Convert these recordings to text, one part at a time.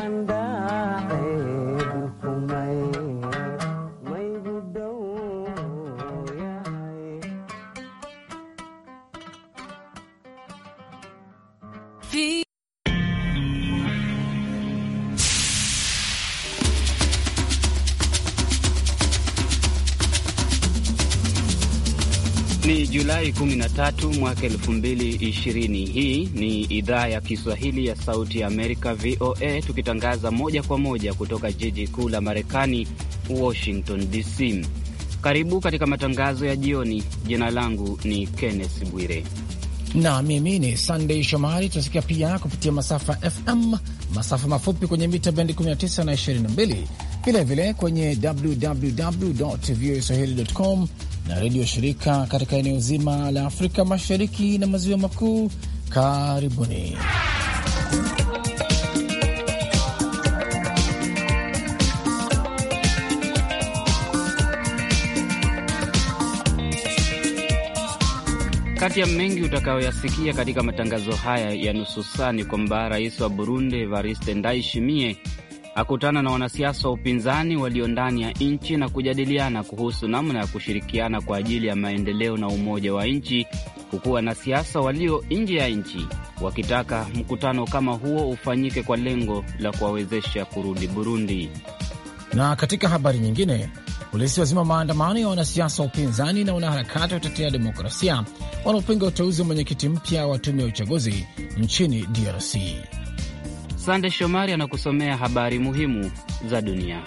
time Julai 13 mwaka 2020. Hii ni idhaa ya Kiswahili ya Sauti ya Amerika, VOA, tukitangaza moja kwa moja kutoka jiji kuu la Marekani, Washington DC. Karibu katika matangazo ya jioni. Jina langu ni Kenneth Bwire na mimi ni Sandey Shomari. Tunasikia pia kupitia masafa FM, masafa mafupi kwenye mita bendi 19 na 22, vilevile kwenye www voa swahili.com na redio shirika katika eneo zima la Afrika Mashariki na Maziwa Makuu. Karibuni. Kati ya mengi utakayoyasikia katika matangazo haya ya nusu saa ni kwamba rais wa Burundi Evariste Ndayishimiye akutana na wanasiasa wa upinzani walio ndani ya nchi na kujadiliana kuhusu namna ya kushirikiana kwa ajili ya maendeleo na umoja wa nchi, huku wanasiasa walio nje ya nchi wakitaka mkutano kama huo ufanyike kwa lengo la kuwawezesha kurudi Burundi. Na katika habari nyingine, polisi wazima maandamano ya wanasiasa wa upinzani na wanaharakati wa kutetea demokrasia wanaopinga uteuzi wa mwenyekiti mpya wa tume ya uchaguzi nchini DRC. Sande Shomari anakusomea habari muhimu za dunia.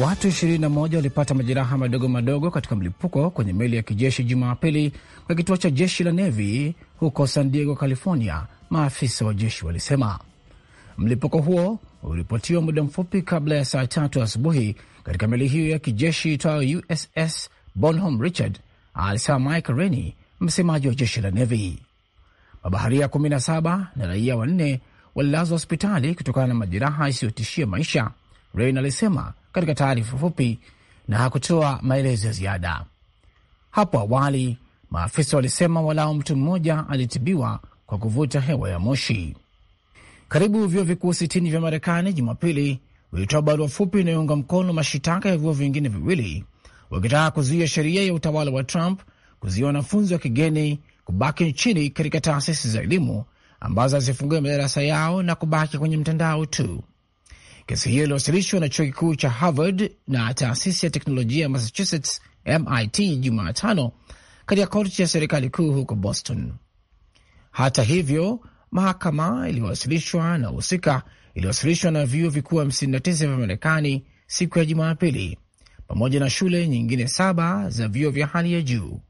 Watu 21 walipata majeraha madogo madogo katika mlipuko kwenye meli ya kijeshi Jumapili kwa kituo cha jeshi la Navy huko San Diego, California, maafisa wa jeshi walisema. Mlipuko huo uliripotiwa muda mfupi kabla ya saa tatu asubuhi katika meli hiyo ya kijeshi itwayo USS Bonhom Richard, alisema Mike Rennie, msemaji wa jeshi la Navy. Mabaharia 17 na raia wanne walilazwa hospitali kutokana na majeraha isiyotishia maisha, Rein alisema katika taarifa fupi, na hakutoa maelezo ya ziada. Hapo awali maafisa walisema walao mtu mmoja alitibiwa kwa kuvuta hewa ya moshi. Karibu vyuo vikuu sitini vya Marekani Jumapili vilitoa barua fupi inayounga mkono mashitaka ya vyuo vingine viwili wakitaka kuzuia sheria ya utawala wa Trump kuzuia wanafunzi wa kigeni kubaki nchini katika taasisi za elimu ambazo hazifungue madarasa yao na kubaki kwenye mtandao tu. Kesi hiyo iliwasilishwa na chuo kikuu cha Harvard na taasisi ya teknolojia ya Massachusetts, MIT, Jumatano katika korti ya serikali kuu huko Boston. Hata hivyo, mahakama iliyowasilishwa na husika iliyowasilishwa na vyuo vikuu tisa vya Marekani siku ya Jumapili, pamoja na shule nyingine saba za vyuo vya hali ya juu.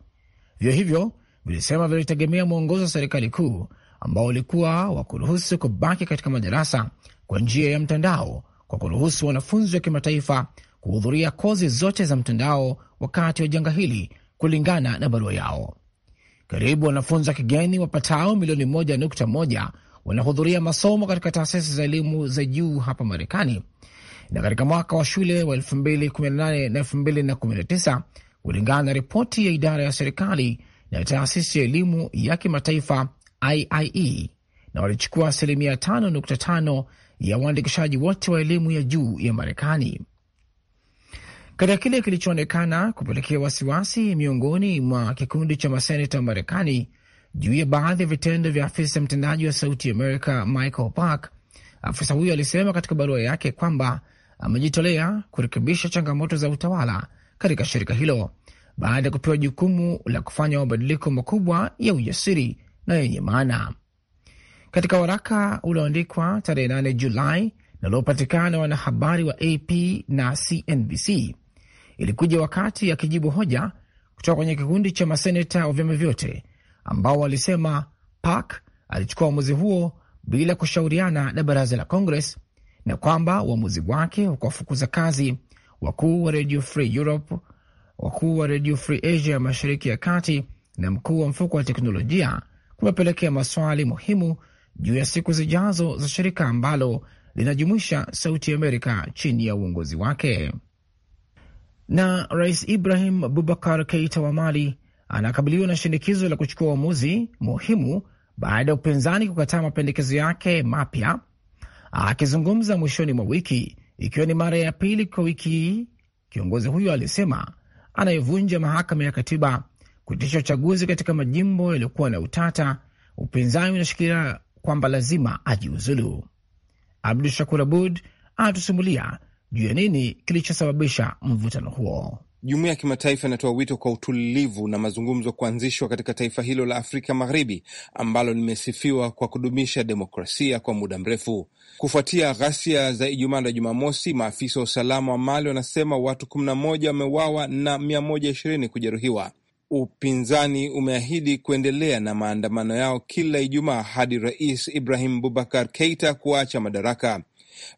Vyuo hivyo vilisema vilitegemea mwongozo wa serikali kuu ambao ulikuwa wa kuruhusu kubaki katika madarasa kwa njia ya mtandao kwa kuruhusu wanafunzi wa kimataifa kuhudhuria kozi zote za mtandao wakati wa janga hili, kulingana na barua yao. Karibu wanafunzi wa kigeni wapatao milioni moja nukta moja wanahudhuria masomo katika taasisi za elimu za juu hapa Marekani, na katika mwaka wa shule wa 2018 na 2019 kulingana na ripoti ya idara ya serikali na taasisi ya elimu ya kimataifa IIE, na walichukua asilimia 5.5 ya uandikishaji wote wa elimu ya juu ya Marekani katika kile kilichoonekana kupelekea wasiwasi miongoni mwa kikundi cha maseneta Marekani juu ya baadhi ya vitendo vya afisa mtendaji wa Sauti Amerika Michael Park. Afisa huyo alisema katika barua yake kwamba amejitolea kurekebisha changamoto za utawala katika shirika hilo baada ya kupewa jukumu la kufanya mabadiliko makubwa ya ujasiri na yenye maana. Katika waraka ulioandikwa tarehe 8 Julai na uliopatikana na wanahabari wa AP na CNBC, ilikuja wakati akijibu hoja kutoka kwenye kikundi cha maseneta wa vyama vyote ambao walisema Park alichukua uamuzi huo bila kushauriana na baraza la Congress na kwamba uamuzi wake wa kuwafukuza kazi wakuu wa Radio Free Europe, wakuu wa Radio Free Asia mashariki ya kati na mkuu wa mfuko wa teknolojia kumepelekea maswali muhimu juu ya siku zijazo za shirika ambalo linajumuisha Sauti Amerika chini ya uongozi wake. Na Rais Ibrahim Bubakar Keita wa Mali anakabiliwa na shinikizo la kuchukua uamuzi muhimu baada ya upinzani kukataa mapendekezo yake mapya. Akizungumza mwishoni mwa wiki, ikiwa ni mara ya pili kwa wiki hii, kiongozi huyo alisema anayevunja mahakama ya katiba, kuitisha uchaguzi katika majimbo yaliyokuwa na utata. Upinzani unashikilia kwamba lazima ajiuzulu. Abdu Shakur Abud anatusimulia juu ya nini kilichosababisha mvutano huo. Jumuiya ya kimataifa inatoa wito kwa utulivu na mazungumzo kuanzishwa katika taifa hilo la Afrika Magharibi ambalo limesifiwa kwa kudumisha demokrasia kwa muda mrefu. Kufuatia ghasia za Ijumaa na Jumamosi, maafisa wa usalama wa Mali wanasema watu 11 wameuawa na 120 kujeruhiwa. Upinzani umeahidi kuendelea na maandamano yao kila Ijumaa hadi Rais Ibrahim Bubakar Keita kuacha madaraka.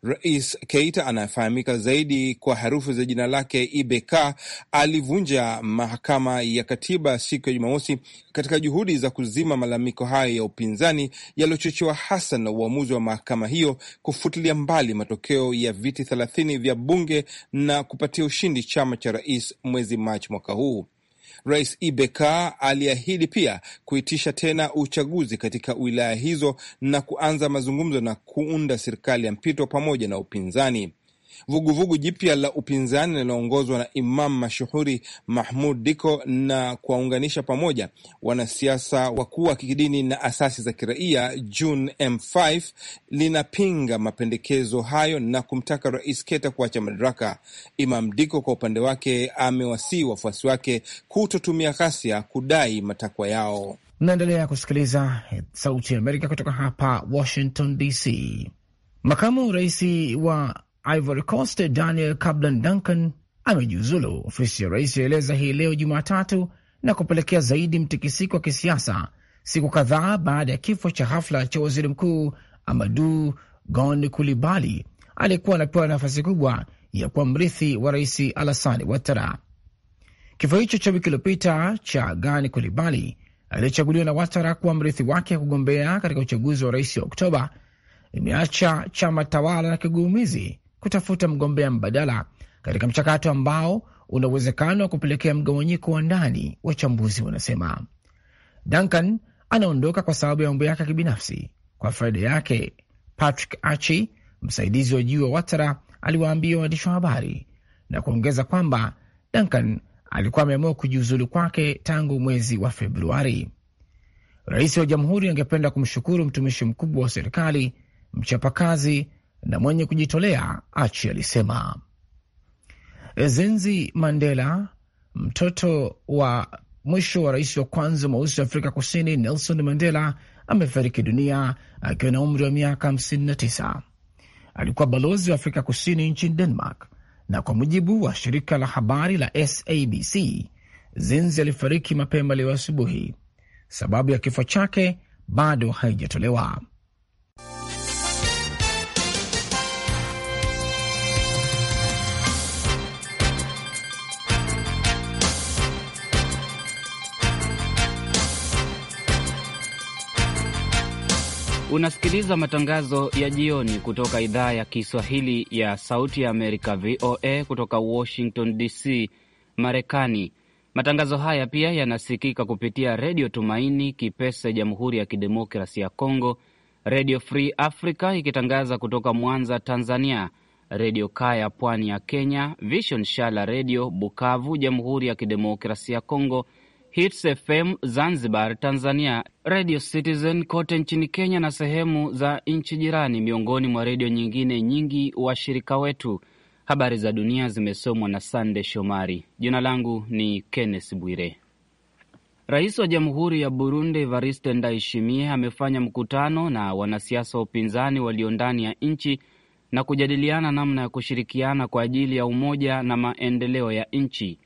Rais Keita anayefahamika zaidi kwa herufi za jina lake Ibeka alivunja mahakama ya katiba siku ya Jumamosi katika juhudi za kuzima malalamiko hayo ya upinzani yaliyochochewa hasa na uamuzi wa mahakama hiyo kufutilia mbali matokeo ya viti thelathini vya bunge na kupatia ushindi chama cha rais mwezi Machi mwaka huu. Rais Ibeka aliahidi pia kuitisha tena uchaguzi katika wilaya hizo na kuanza mazungumzo na kuunda serikali ya mpito pamoja na upinzani vuguvugu jipya la upinzani linaloongozwa na Imam mashuhuri Mahmud Diko na kuwaunganisha pamoja wanasiasa wakuu wa kidini na asasi za kiraia June M5 linapinga mapendekezo hayo na kumtaka Rais Keta kuacha madaraka. Imam Diko kwa upande wake amewasii wafuasi wake kutotumia ghasia kudai matakwa yao. naendelea kusikiliza Sauti ya Amerika kutoka hapa Washington DC. Makamu rais wa Ivory Coast Daniel Kablan Duncan amejiuzulu, ofisi ya rais yaeleza hii leo Jumatatu, na kupelekea zaidi mtikisiko wa kisiasa siku kadhaa baada ya kifo cha hafla cha waziri mkuu Amadu Gon Kulibali aliyekuwa anapewa nafasi kubwa ya kuwa mrithi wa rais Alassane Watara. Kifo hicho cha wiki iliyopita cha Gani Kulibali aliyechaguliwa na Watara kuwa mrithi wake kugombea katika uchaguzi wa rais wa Oktoba imeacha chama tawala na kigumizi kutafuta mgombea mbadala katika mchakato ambao una uwezekano wa kupelekea mgawanyiko wa ndani, wachambuzi wanasema. Duncan anaondoka kwa sababu ya mambo yake ya kibinafsi kwa faida yake. Patrick Achi, msaidizi wa juu wa Watara, aliwaambia waandishi wa habari na kuongeza kwamba Duncan alikuwa ameamua kujiuzulu kwake tangu mwezi wa Februari. Rais wa jamhuri angependa kumshukuru mtumishi mkubwa wa serikali, mchapakazi na mwenye kujitolea, Achi alisema. Zenzi Mandela, mtoto wa mwisho wa rais wa kwanza mweusi wa Afrika Kusini Nelson Mandela, amefariki dunia akiwa na umri wa miaka 59. Alikuwa balozi wa Afrika Kusini nchini Denmark, na kwa mujibu wa shirika la habari la SABC, Zenzi alifariki mapema leo asubuhi. Sababu ya kifo chake bado haijatolewa. Unasikiliza matangazo ya jioni kutoka idhaa ya Kiswahili ya Sauti ya Amerika, VOA, kutoka Washington DC, Marekani. Matangazo haya pia yanasikika kupitia Redio Tumaini Kipese, Jamhuri ya Kidemokrasi ya Kongo, Redio Free Africa ikitangaza kutoka Mwanza, Tanzania, Redio Kaya pwani ya Kenya, Vision Shala Redio Bukavu, Jamhuri ya Kidemokrasi ya Kongo, Hits FM Zanzibar, Tanzania, Radio Citizen kote nchini Kenya na sehemu za nchi jirani, miongoni mwa redio nyingine nyingi washirika wetu. Habari za dunia zimesomwa na Sande Shomari. Jina langu ni Kenneth Bwire. Rais wa Jamhuri ya Burundi Evariste Ndayishimiye amefanya mkutano na wanasiasa wa upinzani walio ndani ya nchi na kujadiliana namna ya kushirikiana kwa ajili ya umoja na maendeleo ya nchi.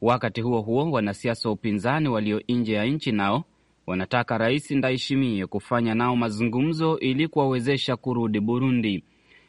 Wakati huo huo, wanasiasa wa upinzani walio nje ya nchi nao wanataka Rais Ndayishimiye kufanya nao mazungumzo ili kuwawezesha kurudi Burundi.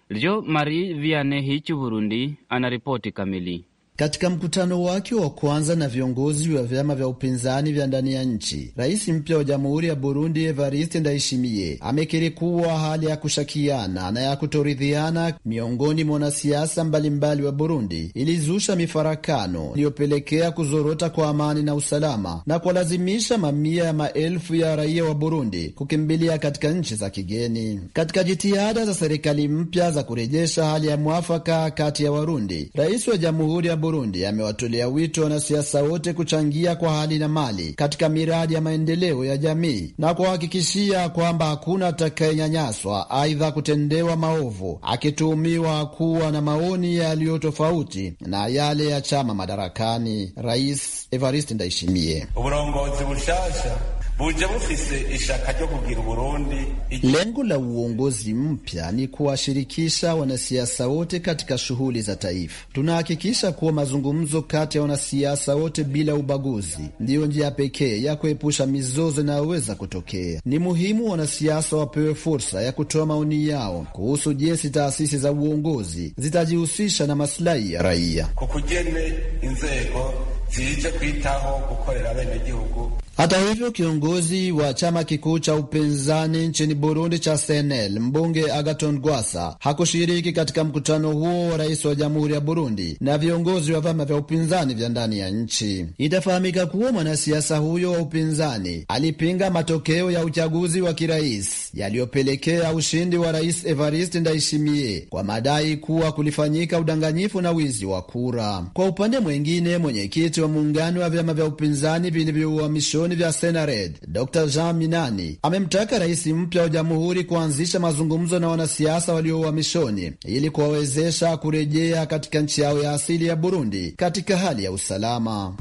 Jo Marie Vianney Hichi, Burundi, anaripoti kamili. Katika mkutano wake wa kwanza na viongozi wa vyama vya upinzani vya ndani ya nchi, rais mpya wa jamhuri ya Burundi Evariste Ndayishimiye amekiri kuwa hali ya kushakiana na ya kutoridhiana miongoni mwa wanasiasa mbalimbali wa Burundi ilizusha mifarakano iliyopelekea kuzorota kwa amani na usalama na kuwalazimisha mamia ya maelfu ya raia wa Burundi kukimbilia katika nchi za kigeni. Katika jitihada za serikali mpya za kurejesha hali ya mwafaka kati ya Warundi, rais wa jamhuri ya Burundi amewatolea wito wanasiasa wote kuchangia kwa hali na mali katika miradi ya maendeleo ya jamii na kuhakikishia kwamba hakuna atakayenyanyaswa aidha kutendewa maovu, akituhumiwa kuwa na maoni yaliyo tofauti na yale ya chama madarakani. Rais Evariste Ndayishimiye uburongozi bushasha Lengo la uongozi mpya ni kuwashirikisha wanasiasa wote katika shughuli za taifa. Tunahakikisha kuwa mazungumzo kati ya wanasiasa wote bila ubaguzi ndiyo njia pekee ya kuepusha mizozo inayoweza kutokea. Ni muhimu wanasiasa wapewe fursa ya kutoa maoni yao kuhusu jinsi taasisi za uongozi zitajihusisha na masilahi ya raia. Hata hivyo kiongozi wa chama kikuu cha upinzani nchini Burundi cha CNL mbunge Agaton Gwasa hakushiriki katika mkutano huo wa rais wa jamhuri ya Burundi na viongozi wa vyama vya upinzani vya ndani ya nchi. Itafahamika kuwa mwanasiasa huyo wa upinzani alipinga matokeo ya uchaguzi wa kirais yaliyopelekea ushindi wa rais Evariste Ndayishimiye kwa madai kuwa kulifanyika udanganyifu na wizi wa kura. Kwa upande mwengine mwenyekiti wa muungano wa vyama vya upinzani vilivyouamisho vituoni vya Senared, Dr Jean Minani amemtaka rais mpya wa jamhuri kuanzisha mazungumzo na wanasiasa walio uhamishoni ili kuwawezesha kurejea katika nchi yao ya asili ya Burundi katika hali ya usalama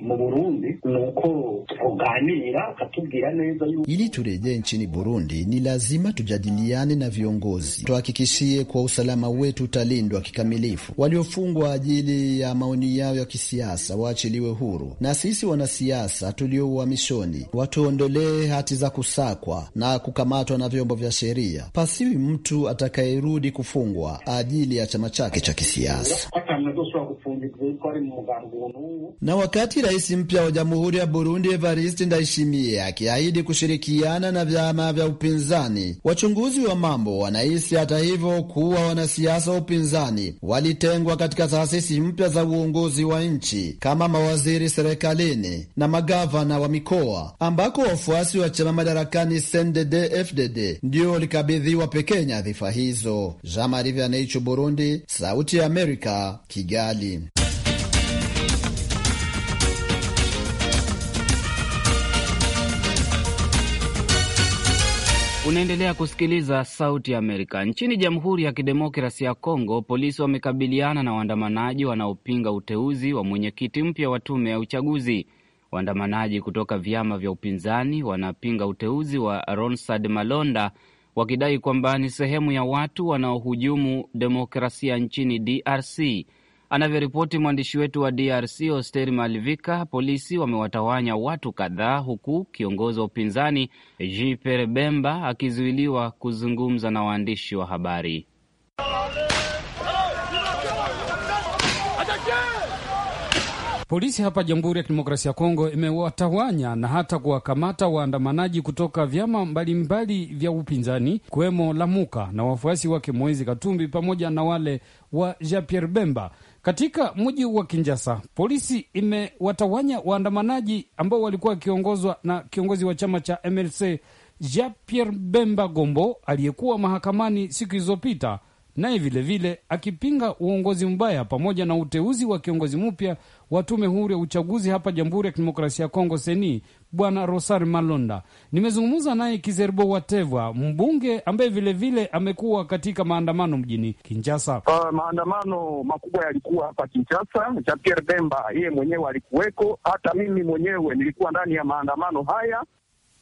mu Burundi nuko tuganira akatubwira neza yuko ili turejee nchini Burundi ni lazima tujadiliane na viongozi, tuhakikishie kwa usalama wetu utalindwa kikamilifu. Waliofungwa ajili ya maoni yao ya kisiasa waachiliwe huru, na sisi wanasiasa tulio uhamishoni watuondolee hati za kusakwa na kukamatwa na vyombo vya sheria. Pasiwi mtu atakayerudi kufungwa ajili ya chama chake cha kisiasa. Na wakati rais mpya wa jamhuri ya Burundi Evariste Ndayishimiye akiahidi kushirikiana na vyama vya upinzani, wachunguzi wa mambo wanahisi hata hivyo kuwa wanasiasa wa upinzani walitengwa katika taasisi mpya za uongozi wa nchi kama mawaziri serikalini na magavana wa mikoa, ambako wafuasi wa chama madarakani CNDD FDD ndio walikabidhiwa pekee nyadhifa hizo. Jean Marie Vianney, Burundi, Sauti ya Amerika, Kigali. Unaendelea kusikiliza Sauti ya Amerika. Nchini Jamhuri ya Kidemokrasi ya Kongo, polisi wamekabiliana na waandamanaji wanaopinga uteuzi wa mwenyekiti mpya wa tume ya uchaguzi. Waandamanaji kutoka vyama vya upinzani wanapinga uteuzi wa Ronsard Malonda wakidai kwamba ni sehemu ya watu wanaohujumu demokrasia nchini DRC. Anavyoripoti mwandishi wetu wa DRC Oster Malivika, polisi wamewatawanya watu kadhaa, huku kiongozi wa upinzani jper Bemba akizuiliwa kuzungumza na waandishi wa habari. Polisi hapa Jamhuri ya Kidemokrasia ya Kongo imewatawanya na hata kuwakamata waandamanaji kutoka vyama mbalimbali vya upinzani kuwemo Lamuka na wafuasi wake Moizi Katumbi pamoja na wale wa Jean Pierre Bemba katika mji wa Kinjasa, polisi imewatawanya waandamanaji ambao walikuwa wakiongozwa na kiongozi wa chama cha MLC Jean Pierre Bemba Gombo aliyekuwa mahakamani siku zilizopita naye vilevile akipinga uongozi mbaya pamoja na uteuzi wa kiongozi mpya wa tume huru ya uchaguzi hapa Jamhuri ya Kidemokrasia ya Kongo seni Bwana Rosar Malonda. Nimezungumza naye Kizerbo Wateva, mbunge ambaye vilevile amekuwa katika maandamano mjini Kinshasa. Uh, maandamano makubwa yalikuwa hapa Kinshasa. Ja Pierre Bemba yeye mwenyewe alikuweko, hata mimi mwenyewe nilikuwa ndani ya maandamano haya,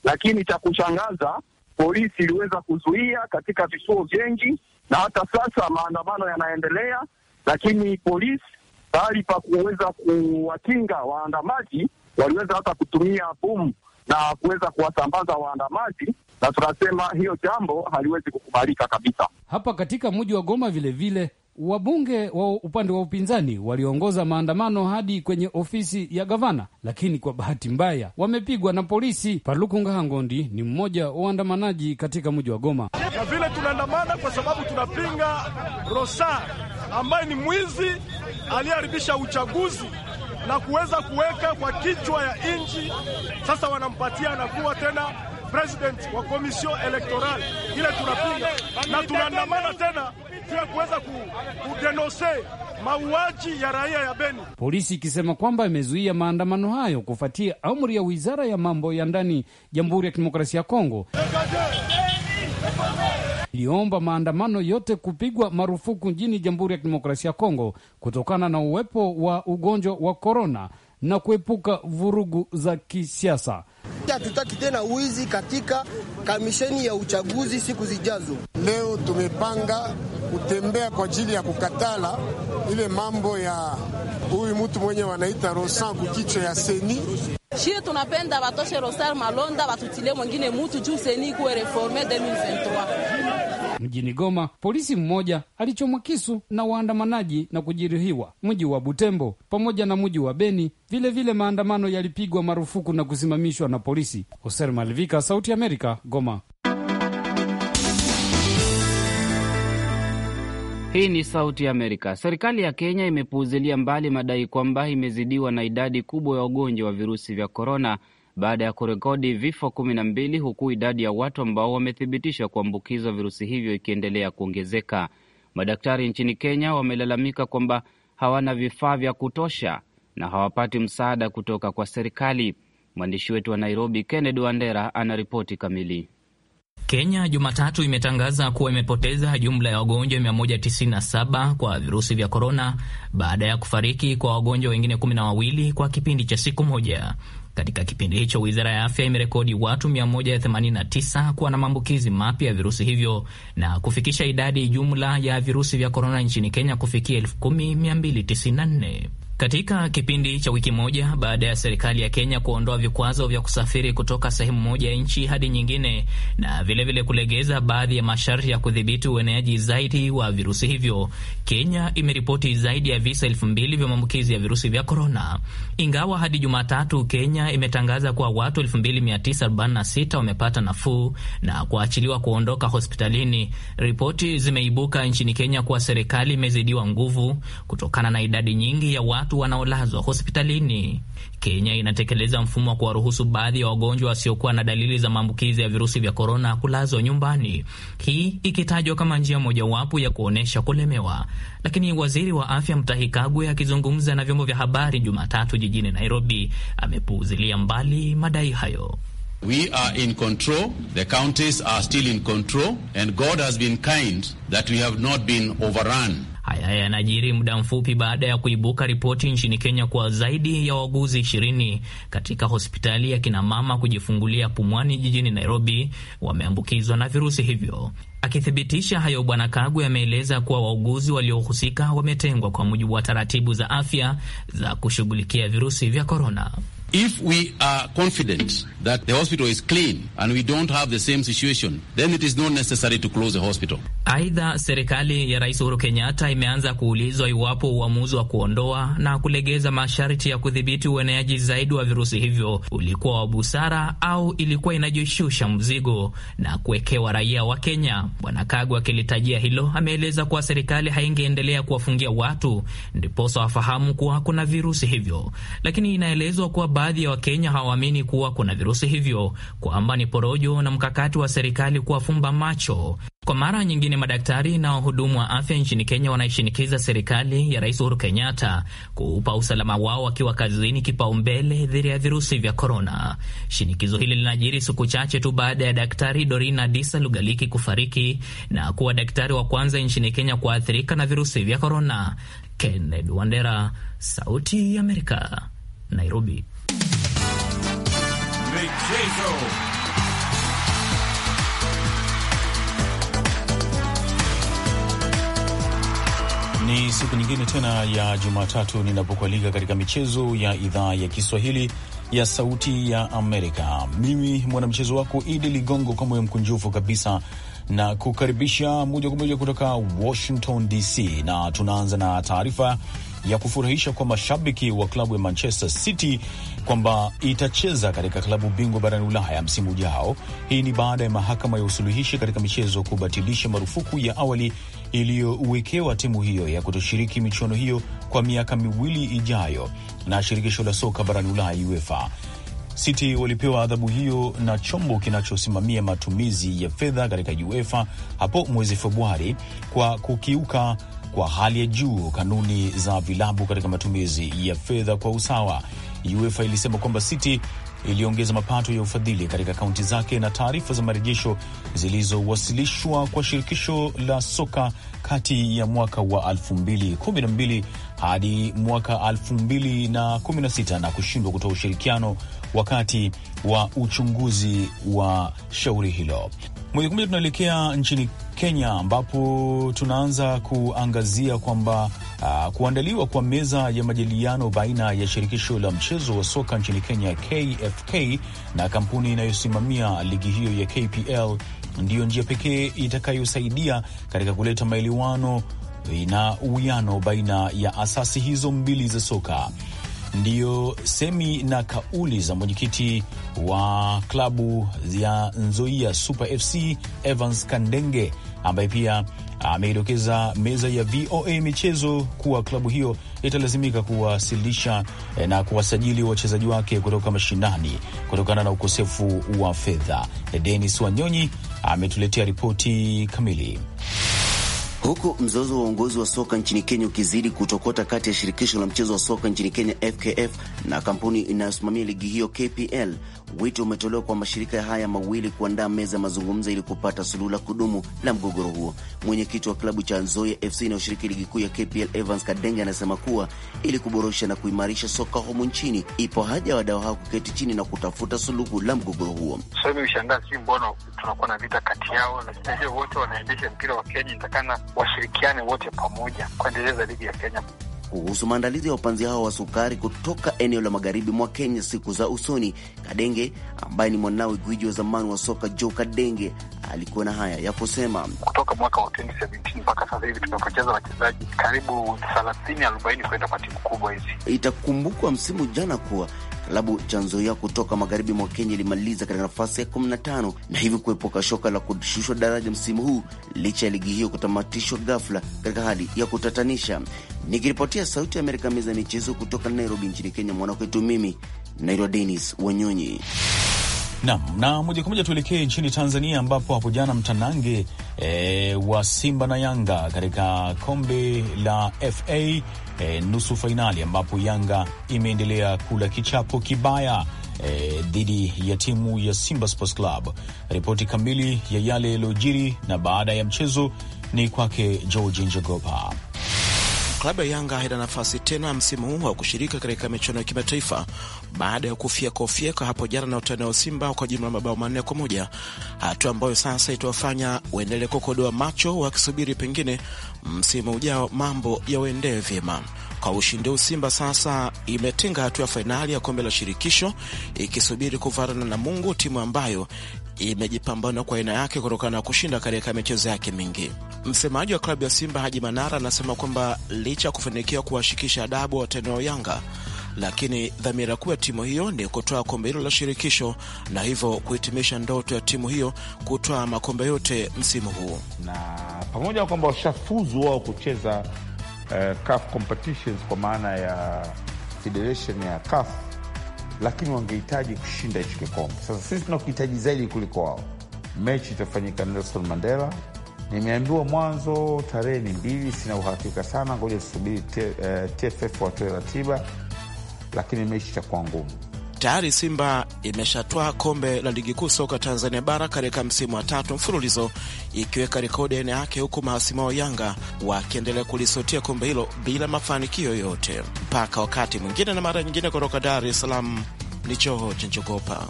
lakini cha kushangaza polisi iliweza kuzuia katika vituo vyengi na hata sasa maandamano yanaendelea, lakini polisi bahali pa kuweza kuwakinga waandamaji waliweza hata kutumia bomu na kuweza kuwasambaza waandamaji, na tunasema hiyo jambo haliwezi kukubalika kabisa hapa katika mji wa Goma vilevile vile. Wabunge wa upande wa upinzani waliongoza maandamano hadi kwenye ofisi ya gavana, lakini kwa bahati mbaya wamepigwa na polisi. Paluku Ngahangondi ni mmoja wa waandamanaji katika mji wa Goma. Na vile tunaandamana kwa sababu tunapinga Rosa ambaye ni mwizi aliyeharibisha uchaguzi na kuweza kuweka kwa kichwa ya nchi. Sasa wanampatia anakuwa tena president wa komisio elektorali ile tunapinga na tunaandamana tena juu kuweza kudenonse mauaji ya raia ya Beni. Polisi ikisema kwamba imezuia maandamano hayo kufuatia amri ya wizara ya mambo ya ndani Jamhuri ya Kidemokrasia ya Kongo iliomba maandamano yote kupigwa marufuku nchini Jamhuri ya Kidemokrasia ya Kongo kutokana na uwepo wa ugonjwa wa korona na kuepuka vurugu za kisiasa. Hatutaki tena wizi katika kamisheni ya uchaguzi siku zijazo. Leo tumepanga kutembea kwa ajili ya kukatala ile mambo ya huyu mtu mwenye wanaita Rosan kukichwa ya seni shie tunapenda watoshe Rosar Malonda watutile mwengine mutu juu seni kuwe reforme 2023 Mjini Goma, polisi mmoja alichomwa kisu na waandamanaji na kujeruhiwa mji wa Butembo pamoja na mji wa Beni. Vilevile vile maandamano yalipigwa marufuku na kusimamishwa na polisi. Hoser Malivika, Sauti Amerika, Goma. Hii ni Sauti ya Amerika. Serikali ya Kenya imepuuzilia mbali madai kwamba imezidiwa na idadi kubwa ya wagonjwa wa virusi vya korona baada ya kurekodi vifo kumi na mbili huku idadi ya watu ambao wamethibitisha kuambukizwa virusi hivyo ikiendelea kuongezeka. Madaktari nchini Kenya wamelalamika kwamba hawana vifaa vya kutosha na hawapati msaada kutoka kwa serikali. Mwandishi wetu wa Nairobi, Kennedy Wandera, anaripoti kamili. Kenya Jumatatu imetangaza kuwa imepoteza jumla ya wagonjwa 197 kwa virusi vya korona baada ya kufariki kwa wagonjwa wengine 1 wawili kwa kipindi cha siku moja. Katika kipindi hicho wizara ya afya imerekodi watu 189 kuwa na maambukizi mapya ya virusi hivyo na kufikisha idadi jumla ya virusi vya korona nchini Kenya kufikia 10294. Katika kipindi cha wiki moja baada ya serikali ya Kenya kuondoa vikwazo vya kusafiri kutoka sehemu moja ya nchi hadi nyingine na vilevile vile kulegeza baadhi ya masharti ya kudhibiti ueneaji zaidi wa virusi hivyo, Kenya imeripoti zaidi ya visa elfu mbili vya maambukizi ya virusi vya korona, ingawa hadi Jumatatu Kenya imetangaza kuwa watu 2946 wamepata nafuu na kuachiliwa kuondoka hospitalini. Ripoti zimeibuka nchini Kenya kuwa serikali imezidiwa nguvu kutokana na idadi nyingi ya watu watu wanaolazwa hospitalini. Kenya inatekeleza mfumo wa kuwaruhusu baadhi ya wagonjwa wasiokuwa na dalili za maambukizi ya virusi vya korona kulazwa nyumbani, hii ikitajwa kama njia mojawapo ya kuonyesha kulemewa. Lakini waziri wa afya Mutahi Kagwe akizungumza na vyombo vya habari Jumatatu jijini Nairobi amepuuzilia mbali madai hayo. We are in control. The counties are still in control. And God has been kind that we have not been overrun. Haya yanajiri muda mfupi baada ya kuibuka ripoti nchini Kenya kwa zaidi ya wauguzi ishirini katika hospitali ya kinamama kujifungulia Pumwani jijini Nairobi wameambukizwa na virusi hivyo. Akithibitisha hayo, Bwana Kagwe ameeleza kuwa wauguzi waliohusika wametengwa kwa mujibu wa taratibu za afya za kushughulikia virusi vya korona. If we are confident that the hospital is clean and we don't have the same situation, then it is not necessary to close the hospital. Aidha, serikali ya Rais Uhuru Kenyatta imeanza kuulizwa iwapo uamuzi wa kuondoa na kulegeza masharti ya kudhibiti ueneaji zaidi wa virusi hivyo ulikuwa wa busara au ilikuwa inajishusha mzigo na kuwekewa raia wa Kenya. Bwana Kagwe akilitajia hilo, ameeleza kuwa serikali haingeendelea kuwafungia watu ndiposa wafahamu kuwa kuna virusi hivyo, lakini inaelezwa kuwa baadhi ya Wakenya hawaamini kuwa kuna virusi hivyo, kwamba ni porojo na mkakati wa serikali kuwafumba macho. Kwa mara nyingine, madaktari na wahudumu wa afya nchini Kenya wanaishinikiza serikali ya Rais Uhuru Kenyatta kuupa usalama wao wakiwa kazini kipaumbele dhidi ya virusi vya korona. Shinikizo hili linajiri siku chache tu baada ya Daktari Dorina disa Lugaliki kufariki na kuwa daktari wa kwanza nchini Kenya kuathirika na virusi vya korona. Kenneth Wandera, Sauti ya Amerika, Nairobi. Michezo. Ni siku nyingine tena ya Jumatatu ninapokualika katika michezo ya idhaa ya Kiswahili ya Sauti ya Amerika. Mimi mwanamchezo wako Idi Ligongo kwa moyo mkunjufu kabisa na kukaribisha moja kwa moja kutoka Washington DC, na tunaanza na taarifa ya kufurahisha kwa mashabiki wa klabu ya Manchester City kwamba itacheza katika klabu bingwa barani Ulaya msimu ujao. Hii ni baada ya mahakama ya usuluhishi katika michezo kubatilisha marufuku ya awali iliyowekewa timu hiyo ya kutoshiriki michuano hiyo kwa miaka miwili ijayo na shirikisho la soka barani Ulaya, UEFA. City walipewa adhabu hiyo na chombo kinachosimamia matumizi ya fedha katika UEFA hapo mwezi Februari kwa kukiuka kwa hali ya juu kanuni za vilabu katika matumizi ya fedha kwa usawa. UEFA ilisema kwamba City iliongeza mapato ya ufadhili katika kaunti zake, na taarifa za marejesho zilizowasilishwa kwa shirikisho la soka kati ya mwaka wa 2012 hadi mwaka 2016 na, na kushindwa kutoa ushirikiano wakati wa uchunguzi wa shauri hilo. Moja kwa moja tunaelekea nchini Kenya ambapo tunaanza kuangazia kwamba uh, kuandaliwa kwa meza ya majadiliano baina ya shirikisho la mchezo wa soka nchini Kenya KFK na kampuni inayosimamia ligi hiyo ya KPL ndiyo njia pekee itakayosaidia katika kuleta maelewano na uwiano baina ya asasi hizo mbili za soka ndiyo semi na kauli za mwenyekiti wa klabu ya Nzoia Super FC Evans Kandenge ambaye pia ameidokeza meza ya VOA michezo kuwa klabu hiyo italazimika kuwasilisha eh, na kuwasajili wachezaji wake kutoka mashinani kutokana na ukosefu wa fedha. Denis Wanyonyi ametuletea ripoti kamili. Huku mzozo wa uongozi wa soka nchini Kenya ukizidi kutokota kati ya shirikisho la mchezo wa soka nchini Kenya FKF na kampuni inayosimamia ligi hiyo KPL, Wito umetolewa kwa mashirika haya mawili kuandaa meza ya mazungumzo ili kupata suluhu la kudumu la mgogoro huo. Mwenyekiti wa klabu cha Nzoia FC inayoshiriki ligi kuu ya KPL Evans Kadenge anasema kuwa ili kuboresha na kuimarisha soka humu nchini, ipo haja ya wadau hao kuketi chini na kutafuta suluhu la mgogoro huo. So mimi ushangaa, si mbona tunakuwa na vita kati yao, hiyo wote wanaendesha mpira wa Kenya, washirikiane wote pamoja kuendeleza ligi ya Kenya kuhusu maandalizi ya wapanzi hao wa sukari kutoka eneo la magharibi mwa Kenya siku za usoni. Kadenge ambaye ni mwanawe gwiji wa zamani wa soka Joe Kadenge alikuwa na haya ya kusema. Kutoka mwaka wa 2017 mpaka sasa hivi tumepoteza wachezaji karibu 30 40 kwenda kwa timu kubwa hizi. Itakumbukwa msimu jana kuwa Klabu ya kutoka magharibi mwa Kenya ilimaliza katika nafasi ya 15 na hivyo kuepuka shoka la kushushwa daraja msimu huu licha ya ligi hiyo kutamatishwa ghafla katika hali ya kutatanisha. Nikiripotia Sauti ya Amerika, meza ya michezo kutoka Nairobi nchini Kenya, mwanakwetu mimi naitwa Denis Wanyonyi. Naam, na moja kwa moja tuelekee nchini Tanzania ambapo hapo jana mtanange e, wa Simba na Yanga katika kombe la FA e, eh, nusu fainali ambapo Yanga imeendelea kula kichapo kibaya e, dhidi ya timu ya Simba Sports Club. Ripoti kamili ya yale yaliyojiri na baada ya mchezo ni kwake George Njogopa. Klabu ya Yanga haina nafasi tena msimu huu wa kushiriki katika michuano ya kimataifa baada ya kofieka hapo jana na utani wa Simba kwa jumla mabao manne kwa moja, hatua ambayo sasa itawafanya waendelee kukodoa macho wakisubiri pengine msimu ujao mambo yauendee vyema. Kwa ushindi huu, Simba sasa imetinga hatua ya fainali ya kombe la shirikisho ikisubiri kuvarana na Mungu, timu ambayo imejipambana kwa aina yake kutokana na kushinda katika michezo yake mingi. Msemaji wa klabu ya Simba Haji Manara anasema kwamba licha ya kufanikiwa kuwashikisha adabu watendao Yanga, lakini dhamira kuu ya timu hiyo ni kutoa kombe hilo la shirikisho na hivyo kuhitimisha ndoto ya timu hiyo kutoa makombe yote msimu huu, na pamoja na kwamba washafuzu wao kucheza uh, CAF competitions kwa maana ya federation ya CAF, lakini wangehitaji kushinda hicho kikombe. Sasa sisi tunakihitaji zaidi kuliko wao. Mechi itafanyika Nelson Mandela Nimeambiwa mwanzo tarehe ni mbili, sina uhakika sana, ngoja tusubiri TFF eh, watoe ratiba, lakini mechi itakuwa ngumu. Tayari Simba imeshatwaa kombe la ligi kuu soka Tanzania bara katika msimu wa tatu mfululizo ikiweka rekodi ya aina yake, huku mahasimu wa Yanga wakiendelea kulisotia kombe hilo bila mafanikio yoyote. Mpaka wakati mwingine na mara nyingine, kutoka Dar es Salaam ni George Njogopa.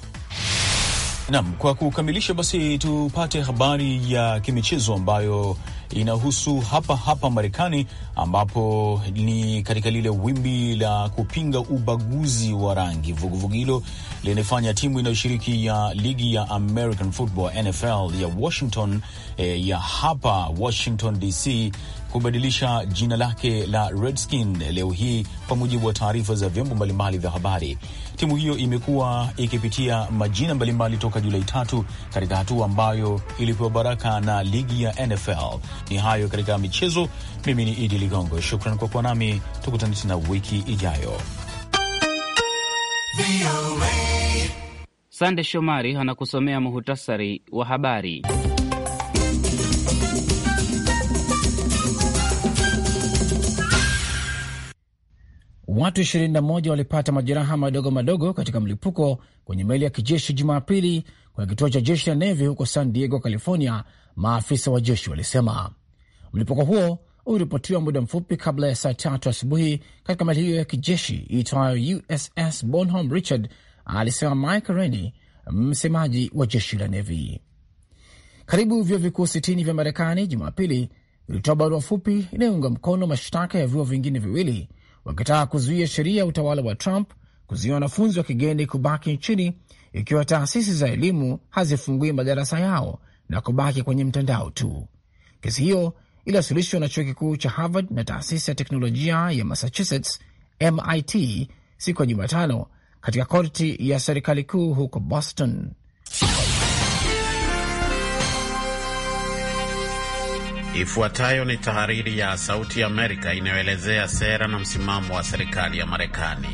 Naam, kwa kukamilisha basi tupate habari ya kimichezo ambayo inahusu hapa hapa Marekani, ambapo ni katika lile wimbi la kupinga ubaguzi wa rangi. Vuguvugu hilo linafanya timu inayoshiriki ya ligi ya American Football NFL ya Washington eh, ya hapa Washington DC kubadilisha jina lake la Redskin leo hii, kwa mujibu wa taarifa za vyombo mbalimbali vya habari. Timu hiyo imekuwa ikipitia majina mbalimbali toka Julai tatu katika hatua ambayo ilipewa baraka na ligi ya NFL. Ni hayo katika michezo. Mimi ni Idi Ligongo, shukran kwa kuwa nami, tukutane tena wiki ijayo. Sande Shomari anakusomea muhutasari wa habari. Watu 21 walipata majeraha madogo madogo katika mlipuko kwenye meli ya kijeshi Jumapili kwenye kituo cha jeshi la Navy huko San Diego, California, maafisa wa jeshi walisema. Mlipuko huo uliripotiwa muda mfupi kabla ya saa tatu asubuhi katika meli hiyo ya kijeshi iitwayo USS Bonhomme Richard, alisema Mike Rennie, msemaji wa jeshi la Navy. Karibu vyuo vikuu sitini vya Marekani Jumapili vilitoa barua fupi inayounga mkono mashtaka ya vyuo vingine viwili wakitaka kuzuia sheria ya utawala wa Trump kuzuia wanafunzi wa kigeni kubaki nchini ikiwa taasisi za elimu hazifungui madarasa yao na kubaki kwenye mtandao tu. Kesi hiyo iliwasilishwa na chuo kikuu cha Harvard na taasisi ya teknolojia ya Massachusetts, MIT, siku ya Jumatano katika korti ya serikali kuu huko Boston. Ifuatayo ni tahariri ya Sauti Amerika inayoelezea sera na msimamo wa serikali ya Marekani.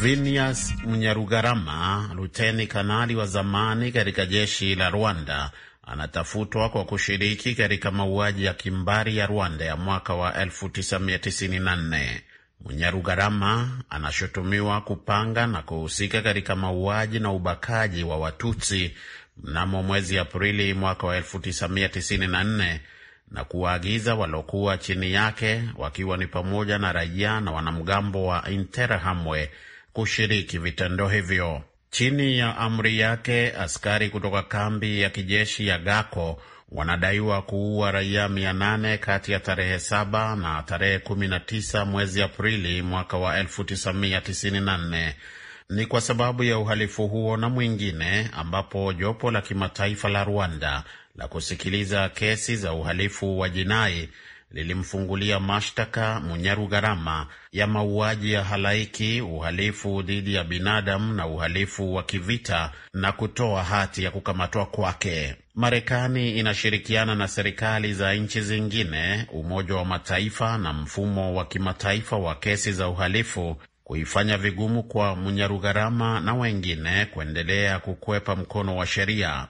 Vinias mnyarugharama luteni kanali wa zamani katika jeshi la Rwanda, anatafutwa kwa kushiriki katika mauaji ya kimbari ya Rwanda ya mwaka wa 1994. mnyarugharama anashutumiwa kupanga na kuhusika katika mauaji na ubakaji wa Watutsi mnamo mwezi Aprili mwaka wa 1994 na kuwaagiza waliokuwa chini yake wakiwa ni pamoja na raia na wanamgambo wa Interahamwe kushiriki vitendo hivyo. Chini ya amri yake, askari kutoka kambi ya kijeshi ya Gako wanadaiwa kuua raia 8 kati ya tarehe 7 na tarehe 19 mwezi Aprili mwaka wa 1994. Ni kwa sababu ya uhalifu huo na mwingine ambapo jopo la kimataifa la Rwanda la kusikiliza kesi za uhalifu wa jinai lilimfungulia mashtaka Munyarugharama ya mauaji ya halaiki, uhalifu dhidi ya binadamu na uhalifu wa kivita na kutoa hati ya kukamatwa kwake. Marekani inashirikiana na serikali za nchi zingine, Umoja wa Mataifa na mfumo wa kimataifa wa kesi za uhalifu kuifanya vigumu kwa Munyarugharama na wengine kuendelea kukwepa mkono wa sheria.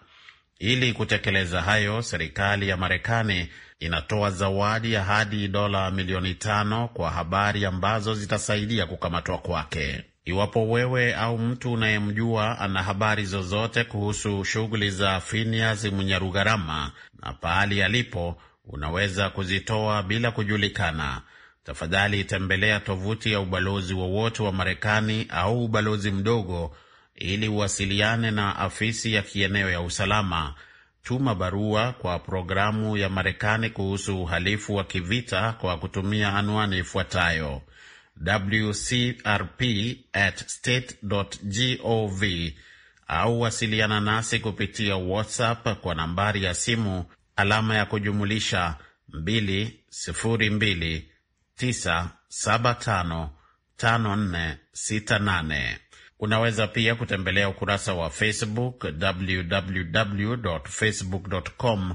Ili kutekeleza hayo, serikali ya Marekani inatoa zawadi ya hadi dola milioni tano kwa habari ambazo zitasaidia kukamatwa kwake. Iwapo wewe au mtu unayemjua ana habari zozote kuhusu shughuli za Phineas Munyarugarama na pahali alipo, unaweza kuzitoa bila kujulikana. Tafadhali tembelea tovuti ya ubalozi wowote wa, wa Marekani au ubalozi mdogo ili uwasiliane na afisi ya kieneo ya usalama. Tuma barua kwa programu ya Marekani kuhusu uhalifu wa kivita kwa kutumia anwani ifuatayo wcrp at state gov au wasiliana nasi kupitia WhatsApp kwa nambari ya simu alama ya kujumulisha 2029755468. Unaweza pia kutembelea ukurasa wa Facebook www facebook com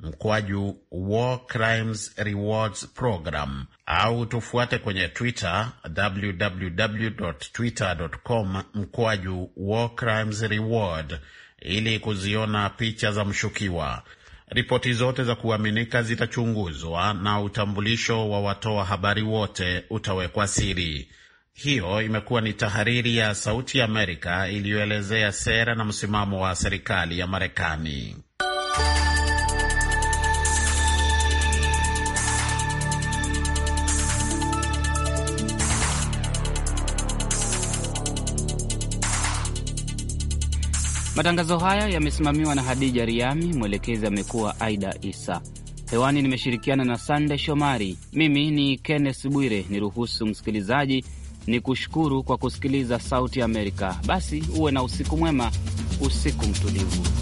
mkwaju War Crimes Rewards Program, au tufuate kwenye Twitter www twitter com mkwaju War Crimes Reward ili kuziona picha za mshukiwa. Ripoti zote za kuaminika zitachunguzwa na utambulisho wa watoa habari wote utawekwa siri. Hiyo imekuwa ni tahariri ya Sauti ya Amerika iliyoelezea sera na msimamo wa serikali ya Marekani. Matangazo haya yamesimamiwa na Hadija Riami, mwelekezi amekuwa Aida Isa. Hewani nimeshirikiana na Sande Shomari. Mimi ni Kenneth Bwire, niruhusu msikilizaji ni kushukuru kwa kusikiliza Sauti Amerika. Basi uwe na usiku mwema, usiku mtulivu.